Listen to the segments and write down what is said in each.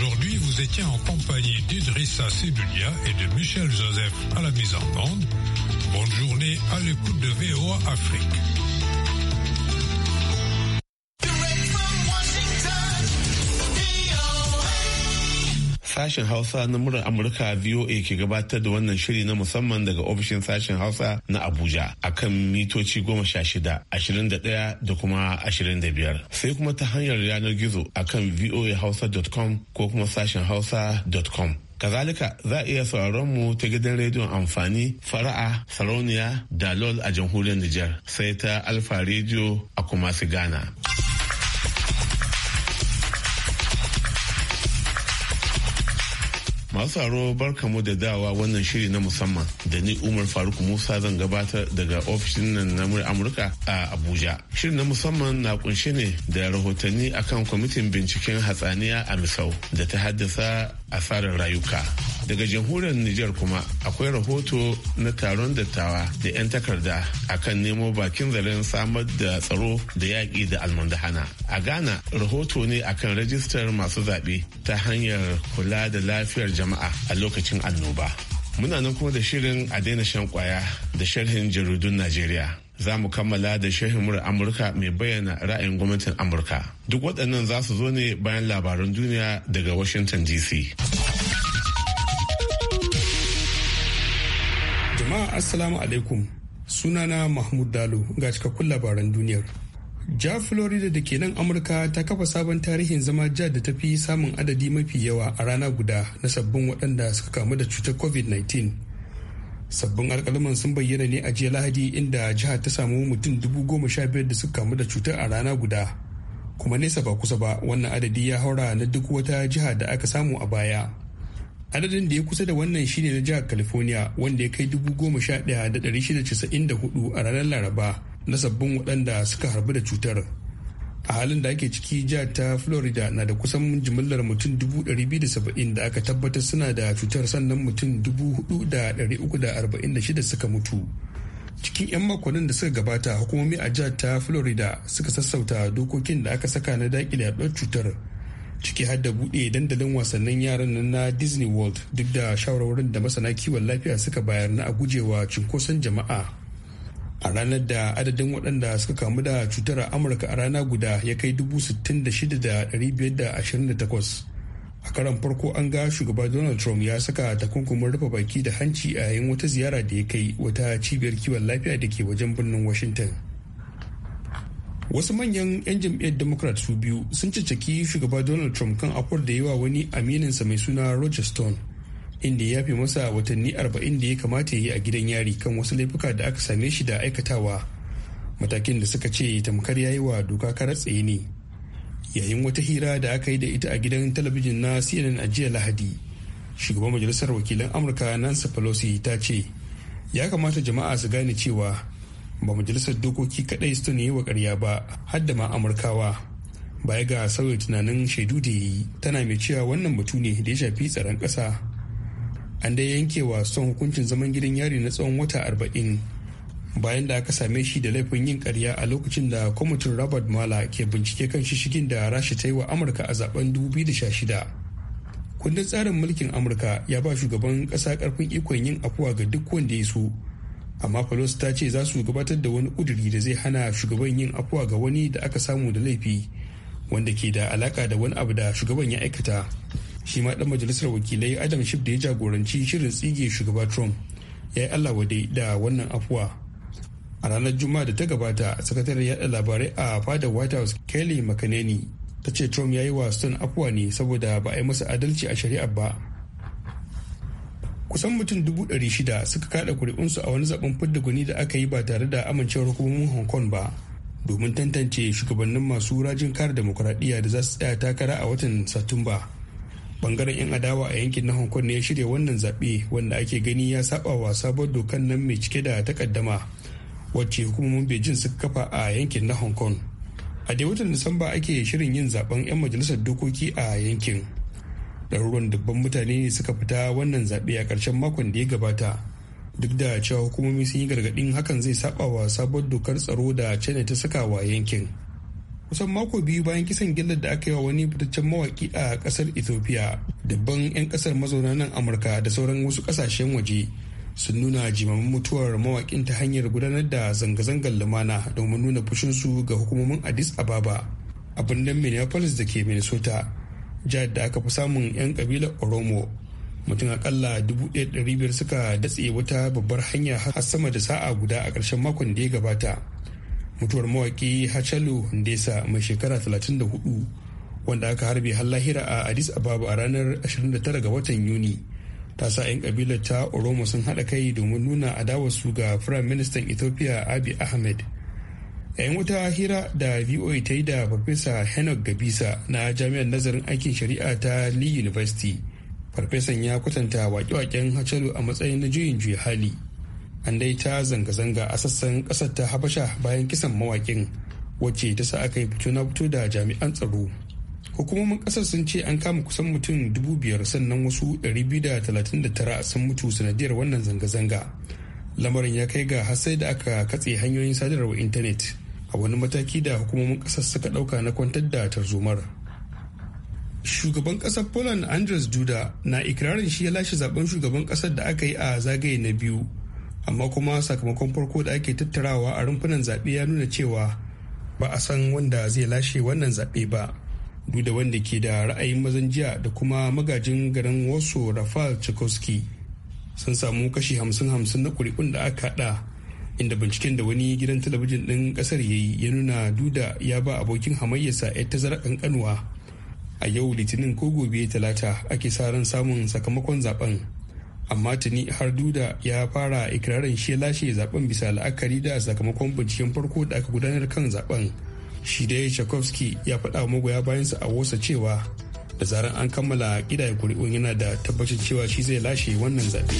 Aujourd'hui, vous étiez en compagnie d'Idrissa Sedulia et de Michel Joseph à la mise en bande. Bonne journée à l'écoute de VOA Afrique. sashen hausa na murar amurka voa ke gabatar da wannan shiri na musamman daga ofishin sashen hausa na abuja a kan mitoci goma sha shida ashirin da ɗaya da kuma ashirin da biyar sai kuma ta hanyar yanar gizo akan voahausa.com ko kuma sashen hausa.com kazalika za a iya sauraron mu ta gidan rediyon amfani fara'a sarauniya dalol a jamhuriyar Nijar sai ta alfa rediyo a kumasi ghana Masu bar barkamu da dawa wannan shiri na musamman da ni Umar Faruk Musa zan gabatar daga ofishin nan na Amurka a Abuja. Shirin na musamman na kunshe ne da rahotanni akan kwamitin binciken hatsaniya a Misau da ta haddasa asarar rayuka. daga jamhuriyar Nijar kuma akwai rahoto na taron dattawa da 'yan takarda a kan nemo bakin zaren samar da tsaro da yaƙi da almundahana. A Ghana rahoto ne akan rajistar masu zaɓe ta hanyar kula da lafiyar jama'a a lokacin annoba. Muna nan kuma da shirin a daina shan kwaya da sharhin jaridun Najeriya. za mu kammala da murar amurka mai bayyana ra'ayin gwamnatin amurka duk waɗannan za su zo ne bayan labaran duniya daga washington dc Jama'a Assalamu alaikum. Sunana Mahmud Dalo ga cikakkun labaran duniyar. Ja Florida da ke nan Amurka ta kafa sabon tarihin zama ja da ta fi samun adadi mafi yawa a rana guda na sabbin waɗanda suka kamu da cutar COVID-19. Sabbin alkalaman sun bayyana ne a jiya Lahadi inda jiha ta samu mutum dubu goma sha biyar da suka kamu da cutar a rana guda. Kuma nesa ba kusa ba wannan adadi ya haura na duk wata jiha da aka samu a baya. adadin da ya kusa da wannan shine na jihar california wanda ya kai 11,694 a ranar laraba na sabbin waɗanda suka harbu da cutar a halin da ake ciki jihar ta florida na da kusan jimillar mutum 270 da aka tabbatar suna da cutar sannan mutum 4,346 suka mutu cikin 'yan makonnin da suka gabata hukumomi a jihar ta florida suka sassauta dokokin da aka saka na daƙile yaduwar cutar ciki har da buɗe dandalin wasannin yaran nan na disney world duk da shawarwarin da masana kiwon lafiya suka bayar na a gujewa cunkoson jama'a a ranar da adadin waɗanda suka kamu da cutar a amurka a rana guda ya kai 66,528 a karan farko an ga shugaba donald trump ya saka takunkumin rufe baki da hanci a yayin wata ziyara da ya kai wata cibiyar kiwon lafiya da ke wajen birnin washington wasu manyan 'yan jam'iyyar democrat su biyu sun caccaki shugaba donald trump kan akwar da yawa wani amininsa mai suna roger stone inda ya fi masa watanni 40 da ya kamata ya yi a gidan yari kan wasu laifuka da aka same shi da aikatawa matakin da suka ce tamkar ya yi wa doka kara tsaye ne yayin wata hira da aka yi da ita a gidan talabijin na cnn a jiya lahadi shugaban majalisar wakilan amurka nancy pelosi ta ce ya kamata jama'a su gane cewa ba majalisar dokoki kadai su yi wa karya ba har da ma amurkawa baya ga sauya tunanin shaidu da yi tana mai cewa wannan batu ne da ya shafi tsaron ƙasa an dai yankewa son hukuncin zaman gidan yari na tsawon wata arba'in bayan da aka same shi da laifin yin karya a lokacin da kwamitin robert mala ke bincike kan shishigin da rasha ta yi wa amurka a zaben shida kundin tsarin mulkin amurka ya ba shugaban ƙasa ƙarfin ikon yin afuwa ga duk wanda ya so amma pelosi ta ce za su gabatar da wani kuduri da zai hana shugaban yin afuwa ga wani da aka samu da laifi wanda ke da alaka da wani abu da shugaban ya aikata shi ma dan majalisar wakilai adam shif da ya jagoranci shirin tsige shugaba trump ya yi allah wadai da wannan afuwa a ranar juma'a da ta gabata sakataren yada labarai a fadar white house kelly makaneni ta ce trump ya yi wa stone afuwa ne saboda ba a yi masa adalci a shari'ar ba kusan mutum dubu ɗari shida suka kada kuri'unsu a wani zaben fidda gwani da aka yi ba tare da amincewar hukumomin hong kong ba domin tantance shugabannin masu rajin kare demokuraɗiyya da za su tsaya takara a watan satumba bangaren 'yan adawa a yankin na hong kong ne ya shirya wannan zaɓe wanda ake gani ya saba wa sabon dokan nan mai cike da takaddama wacce hukumomin beijing suka kafa a yankin na hong kong a dai watan disamba ake shirin yin zaben 'yan majalisar dokoki a yankin ɗaruruwan dubban mutane ne suka fita wannan zaɓe a ƙarshen makon da ya gabata duk da cewa hukumomi sun yi gargaɗin hakan zai saba wa sabon dokar tsaro da china ta saka wa yankin kusan mako biyu bayan kisan gillar da aka yi wa wani fitaccen mawaki a ƙasar ethiopia dubban 'yan ƙasar mazauna nan amurka da sauran wasu ƙasashen waje sun nuna jimamin mutuwar mawakin ta hanyar gudanar da zanga-zangar lumana domin nuna fushinsu ga hukumomin addis ababa a birnin minneapolis da ke minnesota jihar da aka fi samun 'yan kabilar oromo mutum akalla 1,500 suka datse wata babbar hanya har sama da sa'a guda a ƙarshen makon da ya gabata mutuwar mawaƙi hachalu ndesa mai shekara 34 wanda aka harbe har lahira a addis ababa a ranar 29 ga watan yuni ta sa 'yan kabilar ta oromo sun haɗa kai domin nuna adawarsu ga firayim ministan ethiopia abiy ahmed ya'yan wata hira da voa ta yi da farfesa henok gabisa na jami'ar nazarin aikin shari'a ta lee university farfesan ya kwatanta wake-waken hacalu a matsayin na juyin juya hali an dai ta zanga-zanga a sassan kasar ta habasha bayan kisan mawakin wacce ta sa aka yi fito na fito da jami'an tsaro hukumomin kasar sun ce an kama kusan mutum dubu biyar sannan wasu 239 sun mutu sanadiyar wannan zanga-zanga lamarin ya kai ga hasai da aka katse hanyoyin sadarwar intanet a wani mataki da hukumomin ƙasar suka ɗauka na kwantar da tarzomar shugaban ƙasar poland andres duda na ikirarin shi ya lashe zaben shugaban ƙasar da aka yi a zagaye na biyu amma kuma sakamakon farko da ake tattarawa a rumfunan zaɓe ya nuna cewa ba a san wanda zai lashe wannan zaɓe ba duda wanda ke da ra'ayin mazan jiya da kuma magajin garin wasu rafal chikowski sun samu kashi hamsin hamsin na kuri'un da aka haɗa inda binciken da wani gidan talabijin ɗin ƙasar ya yi ya nuna duda ya ba abokin hamayyarsa 'yar tazara ƙanƙanuwa a yau litinin ko gobe talata ake sa ran samun sakamakon zaben amma tuni har duda ya fara ikirarin shi lashe zaben bisa la'akari da sakamakon binciken farko da aka gudanar kan zaben shi dai shakovsky ya faɗa magoya bayansa a wasa cewa da zaran an kammala ya kuri'un yana da tabbacin cewa shi zai lashe wannan zaɓe.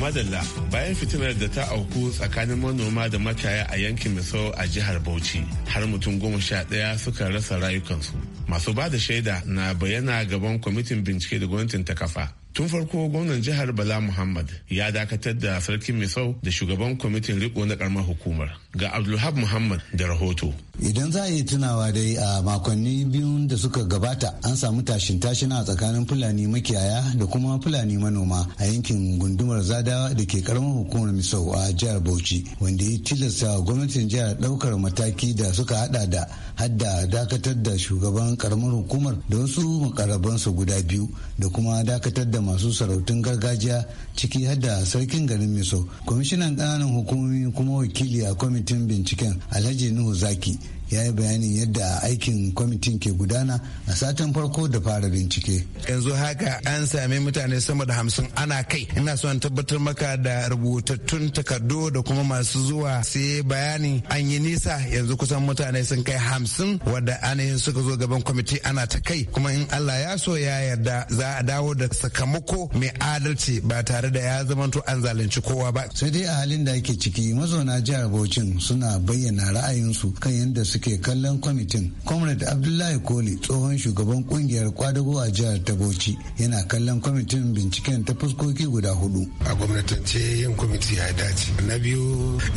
madalla bayan fitinar da ta auku tsakanin manoma da mataya a yankin misau a jihar bauchi har mutum goma sha daya suka rasa rayukansu masu ba da shaida na bayyana gaban kwamitin bincike da gwamnatin ta kafa tun farko gwamnan jihar bala muhammad ya dakatar da sarki misau da shugaban kwamitin riko na karamar hukumar ga abdulhab muhammad da rahoto idan za a yi tunawa dai a makonni biyu da suka gabata an samu tashin tashina a tsakanin fulani makiyaya da kuma fulani manoma a yankin gundumar zadawa da ke karamar hukumar misau a jihar bauchi wanda ya tilasta gwamnatin jihar daukar mataki da suka hada da hadda dakatar da shugaban karamar hukumar da wasu makarabansu guda biyu da kuma dakatar da masu sarautun gargajiya ciki har da sarkin garin miso kwamishinan kananan hukumomi kuma wakili a kwamitin binciken alhaji nuhu zaki ya yi bayanin yadda aikin kwamitin ke gudana a satan farko da fara bincike. yanzu haka an sami mutane sama da hamsin ana kai ina son tabbatar maka da rubutattun takardu da kuma masu zuwa sai bayani an yi nisa yanzu kusan mutane sun kai hamsin wadda ainihin suka zo gaban kwamiti ana ta kai kuma in allah ya so ya yarda za a dawo da sakamako mai adalci ba tare tare da ya zamanto an zalunci kowa ba sai dai a halin da ake ciki mazauna jihar Bauchin suna bayyana ra'ayinsu kan yadda suke kallon kwamitin comrade abdullahi koli tsohon shugaban kungiyar kwadago a jihar ta Bauchi yana kallon kwamitin binciken ta fuskoki guda hudu a gwamnatance yin kwamiti ya dace na biyu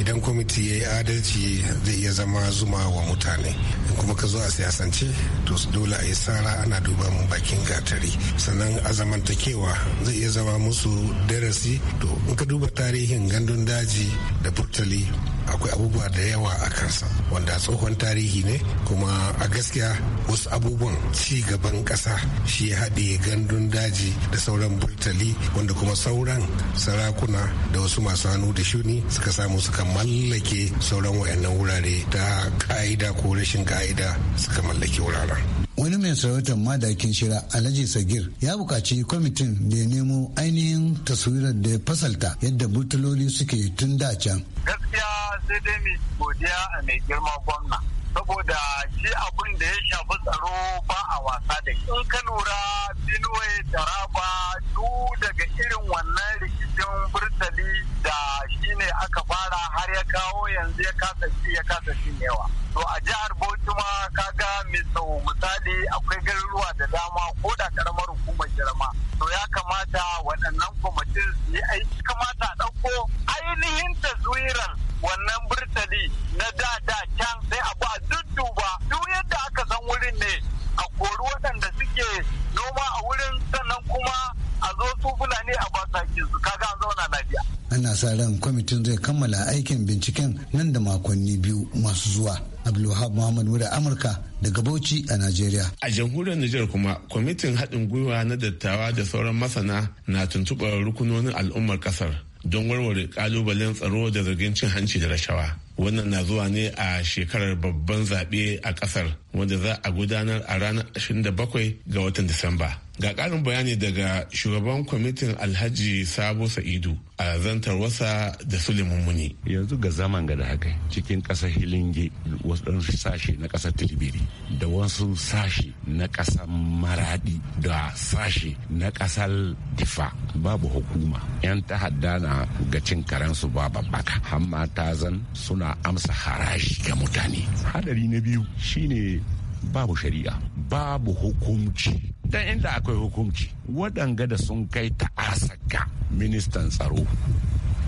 idan kwamiti ya yi adalci zai iya zama zuma wa mutane in kuma ka zo a siyasance to dole a yi sara ana duba mu bakin gatari sannan a zamantakewa zai iya zama musu darasi to in ka duba tarihin gandun daji da burtali akwai abubuwa da yawa a kansa wanda tsohon tarihi ne kuma a gaskiya wasu abubuwan ci gaban ƙasa shi ya haɗe gandun daji da sauran burtali wanda kuma sauran sarakuna da wasu masu hannu da shuni suka samu suka mallake sauran wayannan wurare ta ka'ida ko rashin ka'ida suka mallaki wuraren wani mai sarautar madakin shira alhaji sagir ya buƙaci kwamitin da ya nemo ainihin taswirar da ya fasalta yadda butuloli suke tun da can gaskiya sai dai mai godiya a mai girma gwamna saboda shi abin da ya shafi tsaro ba a wasa da shi in ka lura binuwe da raba duk daga irin wannan rikici cikin burtali da shi ne aka fara har ya kawo yanzu ya kasa shi ya kasa yawa. to a jihar bauchi ma kaga misau misali akwai garuruwa da dama ko da karamar hukumar girma to ya kamata waɗannan kwamitin su yi aiki kamata a ɗauko ainihin taswiran wannan burtali na da da can sai a ba dudduba duk yadda aka san wurin ne a kori waɗanda suke noma a wurin sannan kuma a zo su fulani a basa su kaga an zauna lafiya ana sa ran kwamitin zai kammala aikin binciken nan da makonni biyu masu zuwa abdulwahab muhammad Wuri amurka daga bauchi a najeriya a jamhuriyar nijar kuma kwamitin haɗin gwiwa na dattawa da sauran masana na tuntuɓar rukunonin al'ummar ƙasar don warware ƙalubalen tsaro da zargin cin hanci da rashawa wannan na zuwa ne a shekarar babban zaɓe a ƙasar wanda za a gudanar a ranar 27 ga watan disamba ga ƙarin bayani daga shugaban kwamitin alhaji sabo sa'idu a zantar wasa da suleiman muni yanzu ga zaman ga da haka cikin ƙasar hilinge wasu sashe na ƙasar tilibiri da wasu sashe na ƙasar maradi da sashe na ƙasar difa babu hukuma yan ta'adda na ga cin karensu ba babbaka hamma tazan suna amsa haraji ga mutane hadari na biyu shine babu shari'a babu hukumci dan inda akwai hukumci waɗanga da sun kai ta'asaka ministan tsaro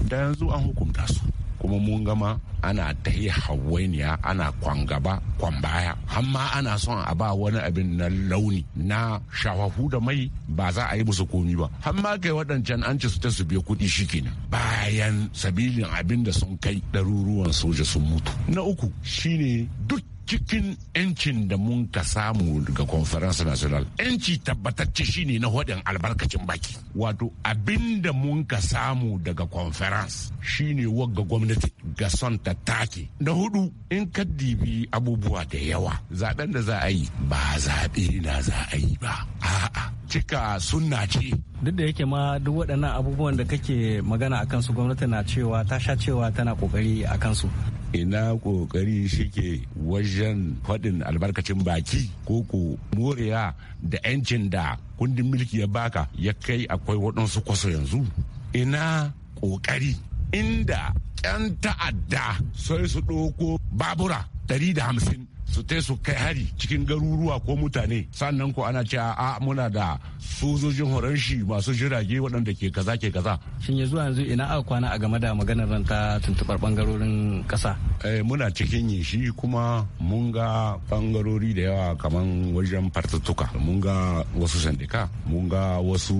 da yanzu an hukunta su kuma mun gama ana ta yi hawainiya ana kwangaba kwambaya amma ana son a ba wani abin na launi na shafafu da mai ba za a yi musu komi ba amma kai waɗancan an ci su ta su biya kuɗi shikenan bayan sabilin abin da sun kai ɗaruruwan soja sun mutu na uku shine duk cikin 'yancin da mun ka samu daga conference national 'yanci tabbatacce shine na hudin albarkacin baki wato abin da mun ka samu daga conference shine wagga gwamnati ga son ta take na hudu in ka dibi abubuwa da yawa zaben da za a yi ba zaɓe na za a yi ba a'a cika sunna ce duk da yake ma duk waɗannan abubuwan da kake magana akan su gwamnati na cewa ta sha cewa tana kokari akan su ina kokari shike wajen faɗin albarkacin baki ko ko moriya da 'yancin da kundin mulki ya baka ya kai akwai waɗansu kwaso yanzu ina kokari inda 'yan ta'adda sai su ɗoko babura 150 su te su kai hari cikin garuruwa ko mutane sannan ko ana cewa a muna da sojojin horon shi masu jirage waɗanda ke kaza ke kaza shin ya zuwa yanzu ina aka kwana a game da maganar ran ta tuntubar bangarorin ƙasa eh, muna cikin yin shi kuma mun ga bangarori da yawa kaman wajen fartattuka mun ga wasu sandika mun ga wasu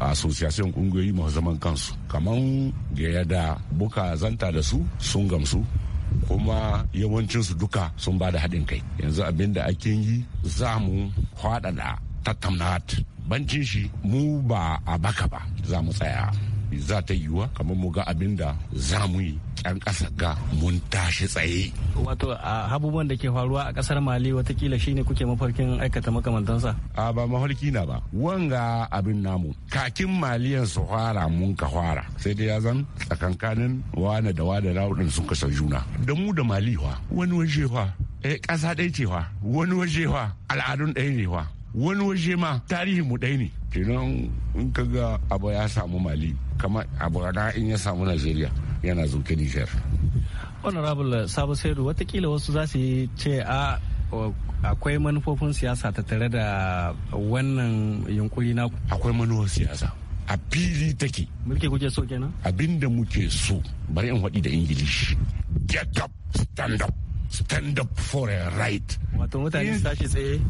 asosiyasiyon kungiyoyi masu zaman kansu kaman ga yada buka zanta da su sun gamsu kuma yawancinsu duka sun ba da haɗin kai yanzu abin da ake yi za mu faɗaɗa tattamnat bancin shi mu ba a baka ba za mu tsaya za ta yiwuwa kamar mu ga abin da za mu yi 'yan ƙasa ga mun tashi tsaye. Wato a abubuwan da ke faruwa a ƙasar Mali watakila shi ne kuke mafarkin aikata makamantansa? A ba mafarki na ba. Wanga abin namu. Kakin Maliyan su fara mun ka fara. Sai dai ya zan tsakankanin wane da wane raudin sun kasa juna. Da mu da Mali wani waje fa. Eh ƙasa ɗaya ce fa. Wani waje fa. Al'adun ɗaya ne fa. wani waje ma tarihin mu ɗaya ne kenan in kaga abu ya samu mali kamar abu in ya samu najeriya yana zuke Nijar. Honorable Sabo Saidu watakila wasu za su ce a akwai manufofin siyasa ta tare da wannan yunkuri na akwai manufofin siyasa a fili take mulki kuke so kenan abinda muke so bari in faɗi da ingilishi get up stand up stand up for a right wato mutane su tsaye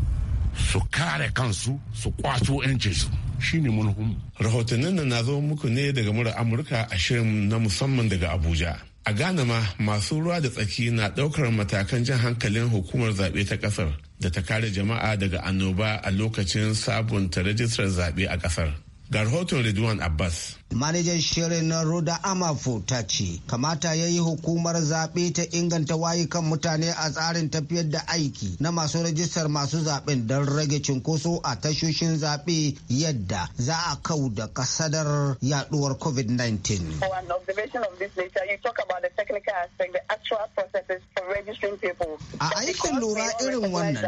su kare kansu su kwato 'yancinsu shine manufinmu. rahotannin na zo muku ne daga mura amurka a shirin na musamman daga abuja a ghana ma masu ruwa da tsaki na daukar matakan jan hankalin hukumar zaɓe ta ƙasar da ta kare jama'a daga annoba a lokacin sabunta rajistar zaɓe a ƙasar ga rahoton abbas manajan shirin ruda amafu ta ce kamata ya yi hukumar zaɓe ta inganta wayi kan mutane a tsarin tafiyar da aiki na masu rajistar masu zaɓen don rage cinkoso a tashoshin zaɓe yadda za a kau da kasadar yaduwar covid-19 a aikin lura irin wannan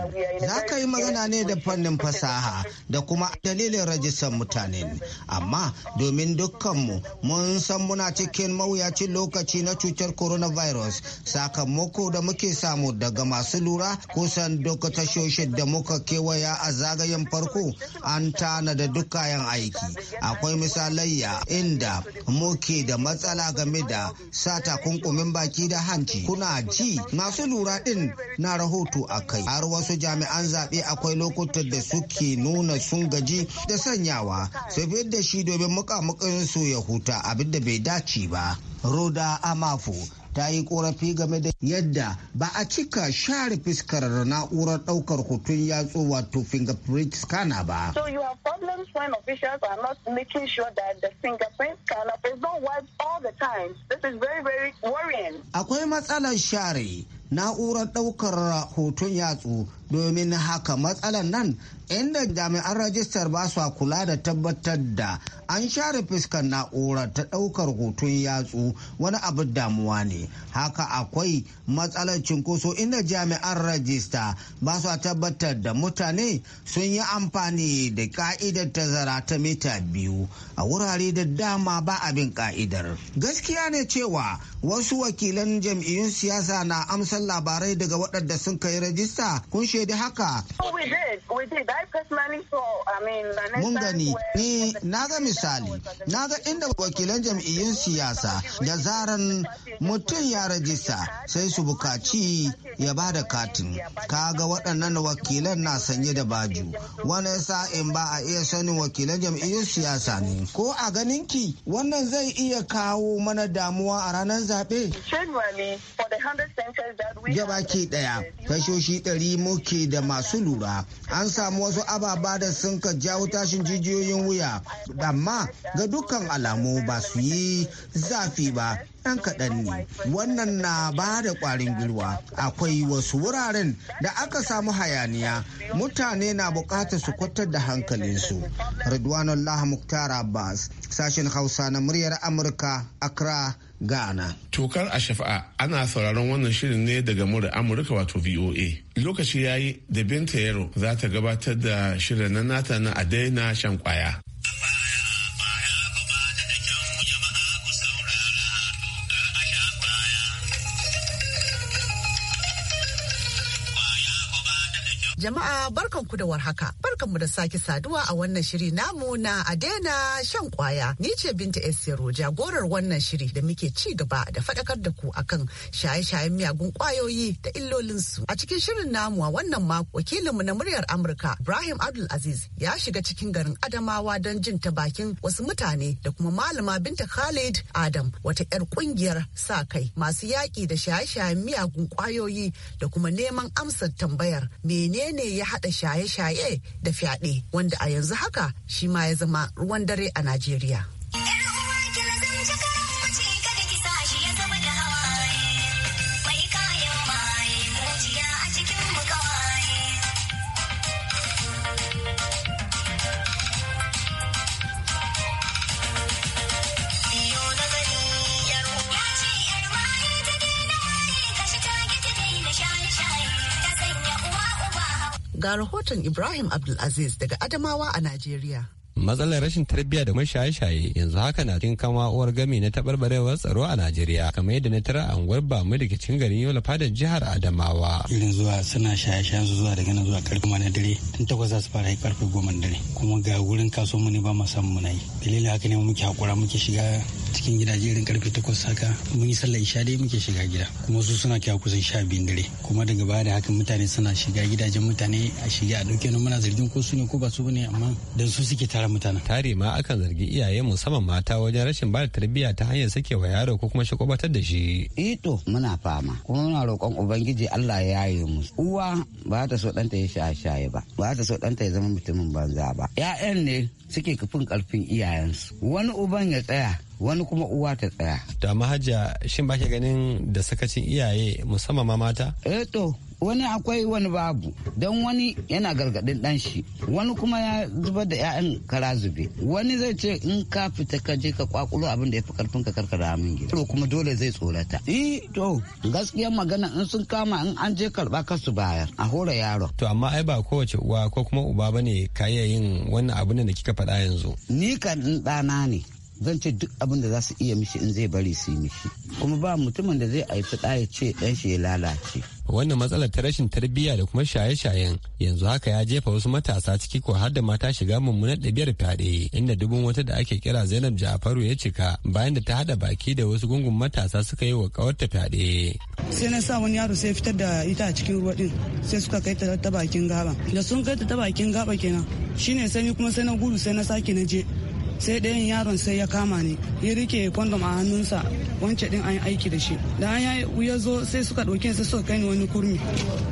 za ka yi magana ne da fannin fasaha da kuma dalilin rajistar mutane amma domin duk dukkanmu mun san muna cikin mawuyacin lokaci na cutar coronavirus sakamako da muke samu daga masu lura kusan duka tashoshin da muka kewaya a zagayen farko an da duk kayan aiki akwai misalayya inda muke da matsala game da sa takunkumin baki da hanci kuna ji masu lura din na rahoto a kai har wasu jami'an zaɓe akwai lokutan da suke nuna sun gaji da sanyawa su da shi domin mukamukin zai so ya huta abin da bai dace ba roda amafo ta yi korafi game da yadda ba a cika share fuskar na'urar daukar hoton yatsu wato fingerprint scanner ba. So you have problems when officials are not making sure that the fingerprint scanner is not wiped all the time. This is very very worrying. Akwai matsalar share na'urar ɗaukar hoton yatsu domin haka matsalar nan inda jami'an rajistar ba su kula da tabbatar da an share fuskar na'urar ta ɗaukar hoton yatsu wani abu damuwa ne haka akwai matsalar cinkoso inda jami'an rajista ba su tabbatar da mutane sun yi amfani da ka'idar tazara ta mita biyu a wurare da dama ba abin ka'idar gaskiya ne cewa wasu wakilan jam'iyyun siyasa na amsa kafafen labarai daga waɗanda sun kai rajista kun shaidi haka. Oh, Mun gani ni na ga misali na ga inda wakilan jam'iyyun siyasa da zaran mutum ya rajista sai su bukaci ya ba da katin kaga waɗannan wakilan na sanye da baju wani in ba a iya sanin wakilan jam'iyyun siyasa ne ko a ganin ki. wannan zai iya kawo mana damuwa a ranar zaɓe. ke daya tashoshi ɗari muke da masu lura an samu wasu ababa da sun ka jawo tashin jijiyoyin wuya amma ga dukkan alamu ba su yi zafi ba ɗan kaɗan ne wannan na ba da ƙwarin gwiwa akwai wasu wuraren da aka samu hayaniya mutane na buƙatar su kwatar da hankalinsu ridwanullah muktar abbas sashen hausa na muryar amurka accra Ghana. Tokar a shafa'a ana sauraron wannan shirin ne daga mura Amurka wato VOA. Lokaci ya yi da Binta Yaro za ta gabatar da shirin na nata na Adaina shan kwaya. Jama'a ku da warhaka. mu da sake saduwa a wannan shiri namu na daina shan kwaya. Ni ce Binta Esiro jagorar wannan shiri da muke ci gaba da faɗakar da ku akan shaye-shayen miyagun kwayoyi da illolinsu. A cikin shirin namu a wannan mako wakilinmu na muryar Amurka Ibrahim Abdul Aziz ya shiga cikin garin Adamawa don jin ta bakin wasu mutane da kuma malama Binta Khalid Adam wata 'yar kungiyar sa kai masu yaƙi da shaye-shayen miyagun kwayoyi da kuma neman amsar tambayar menene ne ya haɗa shaye-shaye da fyaɗe wanda a yanzu haka shi ma ya zama ruwan dare a Najeriya. Ga rahoton Ibrahim Abdulaziz daga Adamawa a Najeriya. matsalar rashin tarbiyya da shaye-shaye yanzu haka na cikin kama uwar gami na tabarbarewar tsaro a najeriya kamar yadda na tara a gwarba bamu daga cikin garin yola da jihar adamawa irin zuwa suna shaye-shayen su zuwa daga nan zuwa karfe goma na dare tun takwas za su fara yi karfe goma na dare kuma ga wurin kaso mu ne ba mu samu na yi dalilin haka ne muke hakura muke shiga cikin gidaje irin karfe takwas haka mun yi sallar isha dai muke shiga gida kuma su suna kyawu kusan sha biyun dare kuma daga baya da haka mutane suna shiga gidajen mutane a shiga a ɗauke muna zargin ko su ne ko ba su ne amma dan su suke tara mutanen. Tare ma akan zargi iyaye musamman mata wajen rashin ba tarbiyya ta hanyar sake wa yaro ko kuma shagobatar da shi. Ito eh muna fama kuma muna roƙon Ubangiji Allah ya yaye mu. Uwa ba ta so ɗanta ya sha shaye ba ba ta so ɗanta ya zama mutumin banza ba. 'Ya'yan ne suke kafin ƙarfin iyayensu. Wani uban ya tsaya wani kuma uwa ta tsaya. Da mahajja shin ba ganin da sakacin iyaye musamman mata? Eh wani akwai wani babu don wani yana gargadin dan shi wani kuma ya zubar da 'ya'yan kara zube wani zai ce in ka fita ka je ka kwakulo abin da ya fi karfin ka da min gida to kuma dole zai tsorata eh to gaskiya magana in sun kama in an je karba ka su bayar a hora yaro to amma ai ba kowace uwa ko kuma uba bane kayayin wannan abin da kika faɗa yanzu ni kan ɗana ne zan ce duk abin da za su iya mishi in zai bari su yi mishi kuma ba mutumin da zai aiki ɗa ya ce dan shi ya lalace wannan matsalar ta rashin tarbiyya da kuma shaye-shayen yanzu haka ya jefa wasu matasa ciki ko har da mata shiga mummunar ɗabiyar fyaɗe inda dubun wata da ake kira zainab jafaru ya cika bayan da ta haɗa baki da wasu gungun matasa suka yi wa ta fyaɗe. sai na sa wani yaro sai fitar da ita a cikin ruwa din sai suka kai ta ta bakin gaba da sun kai ta ta bakin gaba kenan shine sai ni kuma sai na gudu sai na sake na je sai ɗayan yaron sai ya kama ni ya rike kwandom a hannunsa wancan ɗin an yi aiki da shi da an ya zo sai suka ɗauke sai suka kai ni wani kurmi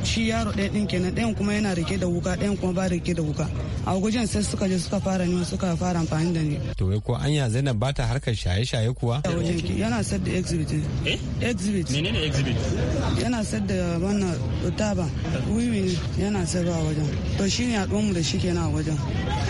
shi yaro ɗaya ɗin kenan ɗayan kuma yana rike da wuka ɗayan kuma ba rike da wuka a gujen sai suka je suka fara ni suka fara amfani da ni. to wai ko anya zainab ba ta harkar shaye-shaye kuwa. yana sayar da exhibit. eh exhibit. menene exhibit. yana sayar da wannan taba wiwi yana sayarwa wajen to shine a mu da shi kenan a wajen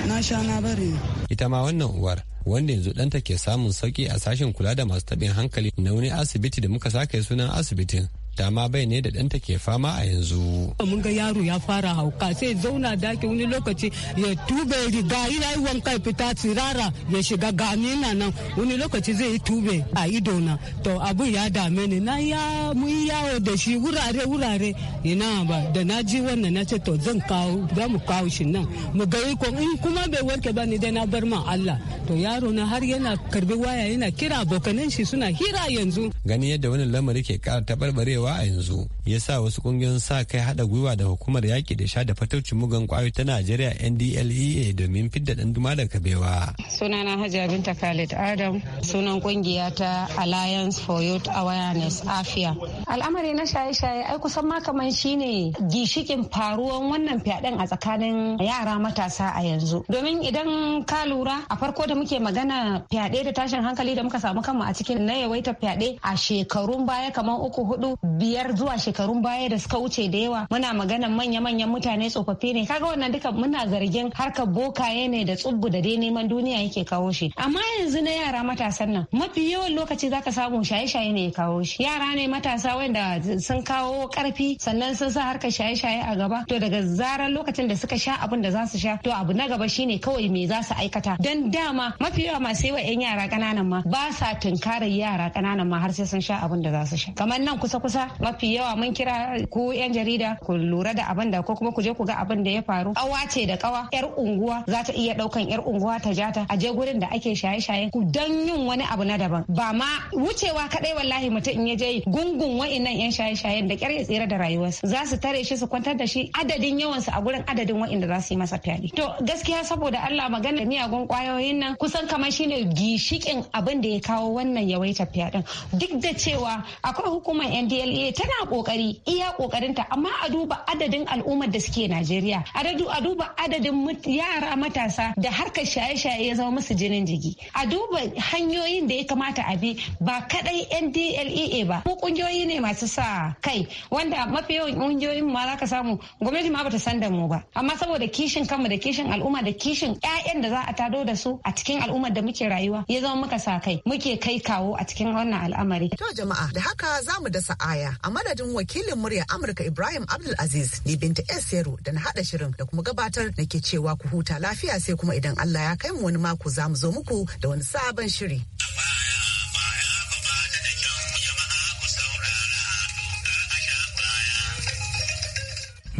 na sha na bari. ita ma wannan uwa asabar wanda yanzu ɗanta ke samun sauki a sashen kula da masu taɓin hankali na wani asibiti da muka sake sunan asibitin ta ma bai ne da danta ke fama a yanzu. Mun ga yaro ya fara hauka sai zauna daki wani lokaci ya tube riga ina yi wanka fita tsirara ya shiga gani na nan wani lokaci zai yi tube a ido na to abu ya dame ni na ya yi yawo da shi wurare wurare ina ba da na ji wannan na ce to zan kawo za mu kawo shi nan mu ga ko in kuma bai warke ba ni dai na bar ma Allah to yaro na har yana karbi waya yana kira abokanan shi suna hira yanzu. Gani yadda wani lamari ke kara tabarbarewa fuskawa a yanzu ya sa wasu kungiyoyin sa kai haɗa gwiwa da hukumar yaki da sha da fataucin mugan kwayoyi ta najeriya ndlea domin fidda ɗan duma da kabewa sunana hajiya binta khalid adam sunan kungiya ta alliance for youth awareness afia al'amari na shaye-shaye ai kusan ma kaman shine gishikin faruwan wannan fyaɗen a tsakanin yara matasa a yanzu domin idan ka lura a farko da muke magana fyaɗe da tashin hankali da muka samu kanmu a cikin na yawaita fyaɗe a shekarun baya kamar uku hudu biyar zuwa shekarun baya da suka wuce da yawa muna maganan manya-manyan mutane tsofaffi ne kaga wannan duka muna zargin harkar boka ne da tsubbu da dai neman duniya yake kawo shi amma yanzu na yara matasan nan mafi yawan lokaci zaka samu shaye-shaye ne ya kawo shi yara ne matasa wanda sun kawo karfi sannan sun sa harkar shaye-shaye a gaba to daga zarar lokacin da suka sha abin da za su sha to abu na gaba shine kawai me za su aikata dan dama mafi yawa masu yawa yan yara kananan ma ba sa tunkarar yara kananan ma har sai sun sha abin da za su sha kamar nan kusa-kusa mata mafi yawa mun kira ku 'yan jarida ku lura da abin da ko kuma ku je ku ga abin da ya faru awa ce da kawa yar unguwa za ta iya daukan yar unguwa ta ja ta a je gurin da ake shaye-shaye ku dan yin wani abu na daban ba ma wucewa kadai wallahi mutum in ya je gungun wa'annan 'yan shaye-shayen da kyar ya tsira da rayuwarsa za su tare shi su kwantar da shi adadin yawansu a gurin adadin wa'anda za su yi masa fyaɗe to gaskiya saboda Allah magana miyagun kwayoyin nan kusan kamar shine gishikin abin da ya kawo wannan yawaitar fyaɗen duk da cewa akwai hukumar NDL Eh, tana kokari iya kokarinta amma a duba adadin al'ummar da suke Najeriya a duba adadin yara matasa da harkar shaye-shaye ya zama musu jinin jiki a duba hanyoyin da ya kamata a bi ba kadai NDLEA ba ko ƙungiyoyi ne masu sa kai wanda mafi yawan kungiyoyin ma za ka samu gwamnati ma bata san da mu ba amma saboda kishin kanmu da kishin al'umma da kishin 'ya'yan da za a tado da su a cikin al'ummar da muke rayuwa ya zama muka sa kai muke kai kawo a cikin wannan al'amari to jama'a da haka za mu da aya. baya a madadin wakilin murya Amurka Ibrahim Abdulaziz ne Binta S Yaro da na hada shirin da kuma gabatar nake cewa ku huta lafiya sai kuma idan Allah ya kai mu wani mako za mu zo muku da wani sabon shiri.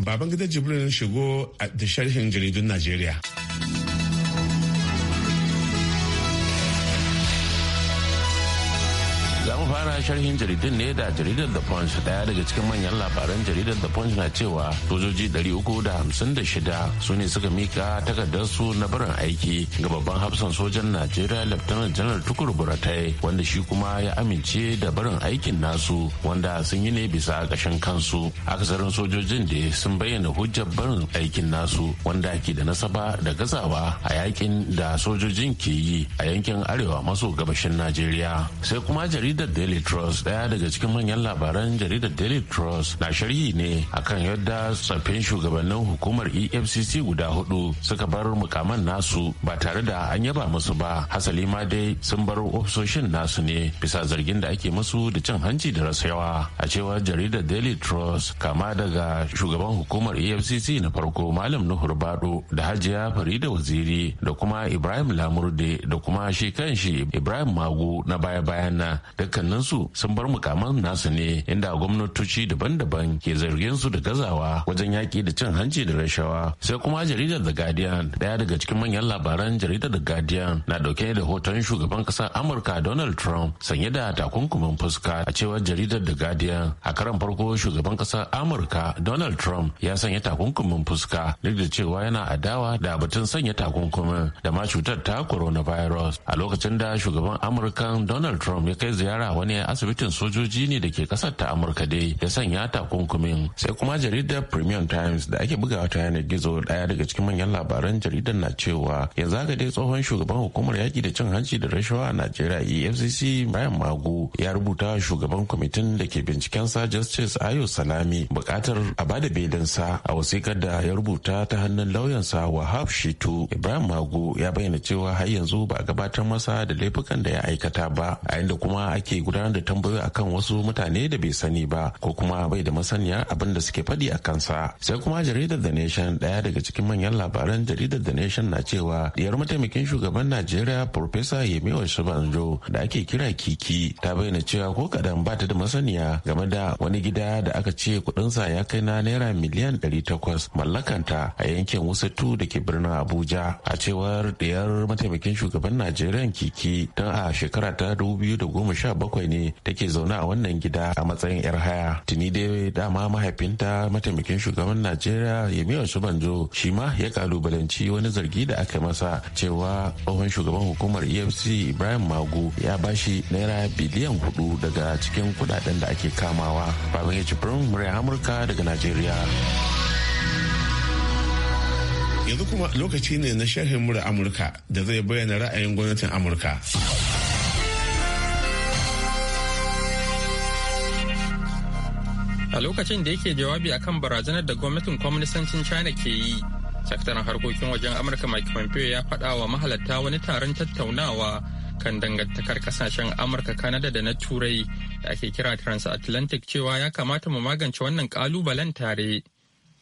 Baban gidan Jibril shigo da sharhin jaridun Najeriya. sharhin jaridun ne da jaridar The Punch daya daga cikin manyan labaran jaridar The Punch na cewa sojoji 356 su ne suka mika takardar su na barin aiki ga babban hafsan sojan Najeriya Lieutenant General Tukur Buratai wanda shi kuma ya amince da barin aikin nasu wanda sun yi ne bisa ƙashin kansu. Akasarin sojojin da sun bayyana hujjar barin aikin nasu wanda ke da nasaba da gazawa a yakin da sojojin ke yi a yankin arewa maso gabashin Najeriya. Sai kuma jaridar Daily trust daya daga cikin manyan labaran jaridar daily trust na sharhi ne akan yadda tsaffin shugabannin hukumar efcc guda hudu suka bar mukaman nasu ba tare da an yaba musu ba hasali ma dai sun bar ofisoshin nasu ne bisa zargin da ake musu da cin hanci da rasayawa a cewar jaridar daily trust kama daga shugaban hukumar efcc na farko malam nuhur bado da hajiya farida waziri da kuma ibrahim lamurde da kuma shi kanshi ibrahim mago na baya-bayan na dukkaninsu sun bar mukaman nasu ne inda gwamnatoci daban-daban ke zargin su da gazawa wajen yaki da cin hanci da rashawa sai kuma jaridar the guardian daya daga cikin manyan labaran jaridar the guardian na dauke da hoton shugaban ƙasar amurka donald trump sanye da takunkumin fuska a cewar jaridar the guardian a karan farko shugaban ƙasar amurka donald trump ya sanya takunkumin fuska duk da cewa yana adawa da batun sanya takunkumin da ma cutar ta coronavirus a lokacin da shugaban amurka donald trump ya kai ziyara wani asibitin sojoji ne da ke kasar ta amurka dai ya sanya takunkumin sai kuma jaridar premium times da ake bugawa ta yanar gizo daya daga cikin manyan labaran jaridar na cewa yanzu haka dai tsohon shugaban hukumar yaki da cin hanci da rashawa a najeriya efcc bayan magu ya rubuta shugaban kwamitin da ke binciken sa justice ayo salami bukatar a bada belinsa a wasikar da ya rubuta ta hannun lauyansa wahab shitu ibrahim magu ya bayyana cewa har yanzu ba a gabatar masa da laifukan da ya aikata ba a inda kuma ake gudanar da da tambayo akan wasu mutane da bai sani ba ko kuma bai da masaniya abin da suke faɗi a kansa sai kuma jaridar the nation ɗaya daga cikin manyan labaran jaridar the nation na cewa diyar mataimakin shugaban najeriya professor yemi osibanjo da ake kira kiki ta bayyana cewa ko kadan ba ta da masaniya game da wani gida da aka ce kudinsa ya kai na naira miliyan ɗari 800 mallakanta a yankin wusatu da ke birnin abuja a cewar diyar mataimakin shugaban najeriya kiki tun a shekara ta 2017 ne take zaune a wannan gida a matsayin yar haya tuni dai dama mahaifinta mataimakin shugaban najeriya su banjo shi ma ya kalubalanci wani zargi da aka masa cewa tsohon shugaban hukumar efc ibrahim magu ya bashi naira biliyan hudu daga cikin kudaden da ake kamawa babin ya murya amurka daga najeriya yanzu kuma lokaci ne na sharhin mura amurka da zai bayyana ra'ayin gwamnatin amurka a lokacin da yake jawabi a kan barazanar da gwamnatin kwamnisancin china ke yi sakataren harkokin wajen amurka mike pompeo ya faɗa wa mahalarta wani taron tattaunawa kan dangantakar kasashen amurka kanada da na turai da ake kira transatlantic cewa ya kamata mu magance wannan kalubalen tare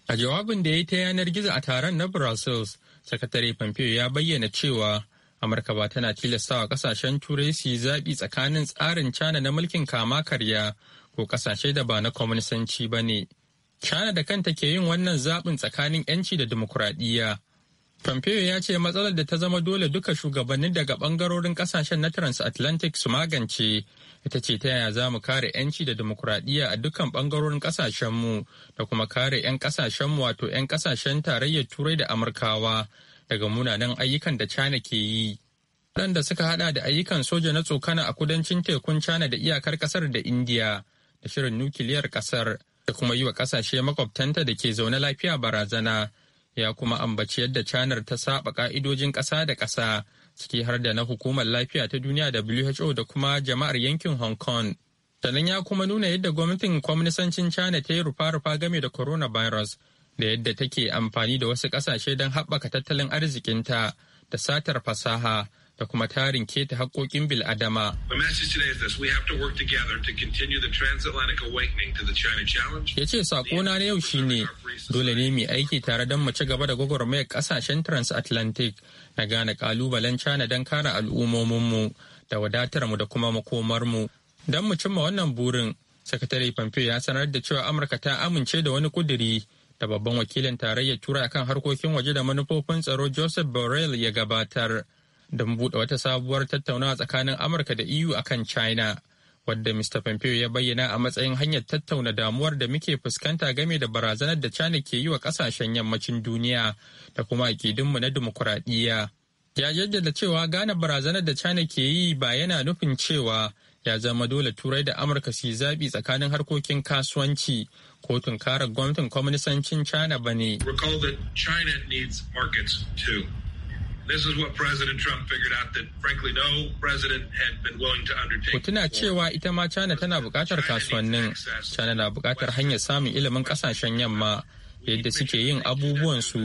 a jawabin da ya yi ta yanar gizo a taron na brussels sakatare pompeo ya bayyana cewa amurka ba tana tilastawa kasashen turai su yi zaɓi tsakanin tsarin cana na mulkin kama karya ko kasashe da ba na kwamnisanci ba ne. China da kanta ke yin wannan zaɓin tsakanin 'yanci da dimokuraɗiyya. Pompeo ya ce matsalar da ta zama dole duka shugabanni daga ɓangarorin ƙasashen na transatlantic su magance ita ce ta yaya za mu kare 'yanci da dimokuraɗiyya a dukkan ɓangarorin ƙasashenmu da kuma kare 'yan ƙasashenmu wato 'yan ƙasashen tarayyar turai da amurkawa daga munanan ayyukan da China ke yi. Waɗanda suka haɗa da ayyukan soja na tsokana a kudancin tekun China da iyakar ƙasar da india. da shirin nukiliyar kasar da kuma yi wa kasashe makwabtanta da ke zaune lafiya barazana ya kuma ambaci yadda canar ta saba ka'idojin ƙasa da ƙasa ciki har da na hukumar lafiya ta duniya WHO da kuma jama'ar yankin Hong Kong. Sannan ya kuma nuna yadda gwamnatin kwamnisancin China ta yi rufa-rufa game da coronavirus da yadda take amfani da wasu ƙasashe don haɓaka tattalin arzikinta da satar fasaha da kuma tarin keta haƙoƙin bil'adama. Ya ce saƙona na yau shi ne dole ne mai aiki tare don mace gaba da gwagwarmayar ƙasashen transatlantic na gane ƙalubalen cana don kare al'ummominmu da wadatar mu da kuma makomarmu. Don mu cimma wannan burin, Sakatare Pompeo ya sanar da cewa Amurka ta amince da wani kuduri da babban wakilin tarayyar Turai kan harkokin waje da manufofin tsaro Joseph Borrell ya gabatar. don buɗe wata sabuwar tattaunawa tsakanin amurka da eu kan china wadda mr pompeo ya bayyana a matsayin hanyar tattauna damuwar da muke fuskanta game da barazanar da china ke yi wa kasashen yammacin duniya da kuma akidunmu na dimokuraɗiyya ya jaddada cewa gane barazanar da china ke yi ba yana nufin cewa ya zama dole turai da amurka su zaɓi tsakanin harkokin kasuwanci ko tunkarar gwamnatin kwamnisancin china ba ne This had been cewa ita ma China tana bukatar kasuwannin. China na bukatar hanyar samun ilimin ƙasashen yamma yadda suke yin abubuwansu.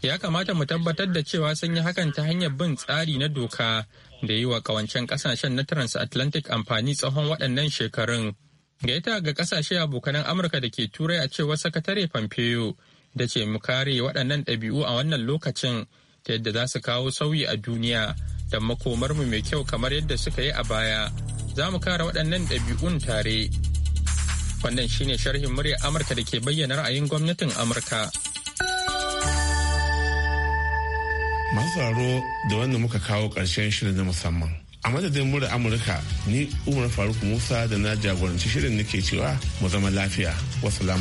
Ya kamata mu tabbatar da cewa sun yi hakan ta hanyar bin tsari na doka da yi wa ƙawancen ƙasashen na transatlantic amfani tsawon waɗannan shekarun. Gaita ga kasashe abokanan Amurka da ke turai a cewar sakatare Pompeo da ce mu kare waɗannan ɗabi'u a wannan lokacin ta yadda za su kawo sauyi a duniya da makomarmu mai kyau kamar yadda suka yi a baya za mu kara waɗannan ɗabi'un tare wannan shine sharhin murya amurka da ke bayyana ra'ayin gwamnatin amurka masu da wanda muka kawo ƙarshen shirin na musamman a madadin mura amurka ni umar faruk musa da na jagoranci shirin nake cewa mu zama lafiya wasu